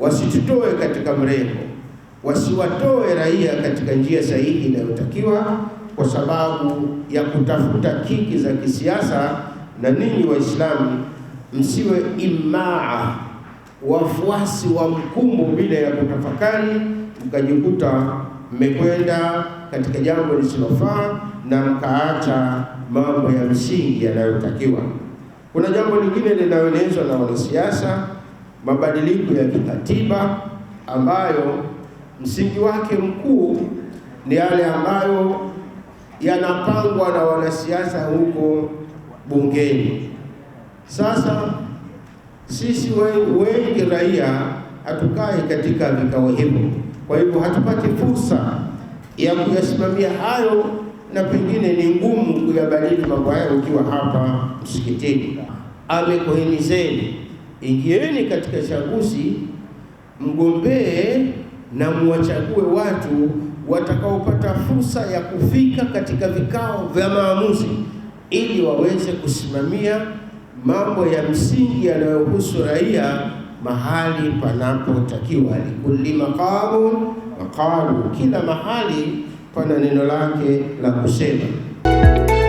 wasitutoe katika mrengo, wasiwatoe raia katika njia sahihi inayotakiwa kwa sababu ya kutafuta kiki za kisiasa. Na ninyi Waislamu msiwe imaa wafuasi wa mkumbo bila ya kutafakari, mkajikuta mmekwenda katika jambo lisilofaa na mkaacha mambo ya msingi yanayotakiwa. Kuna jambo lingine linaloelezwa na wanasiasa mabadiliko ya kikatiba ambayo msingi wake mkuu ni yale ambayo yanapangwa na wanasiasa huko bungeni. Sasa sisi wengi raia hatukai katika vikao hivyo, kwa hivyo hatupati fursa ya kuyasimamia hayo, na pengine ni ngumu kuyabadili mambo hayo ukiwa hapa msikitini. Amekuhimizeni ingieni katika chaguzi, mgombee na mwachague watu watakaopata fursa ya kufika katika vikao vya maamuzi ili waweze kusimamia mambo ya msingi yanayohusu raia mahali panapotakiwa. Likulli maqamu maqalu, kila mahali pana neno lake la kusema.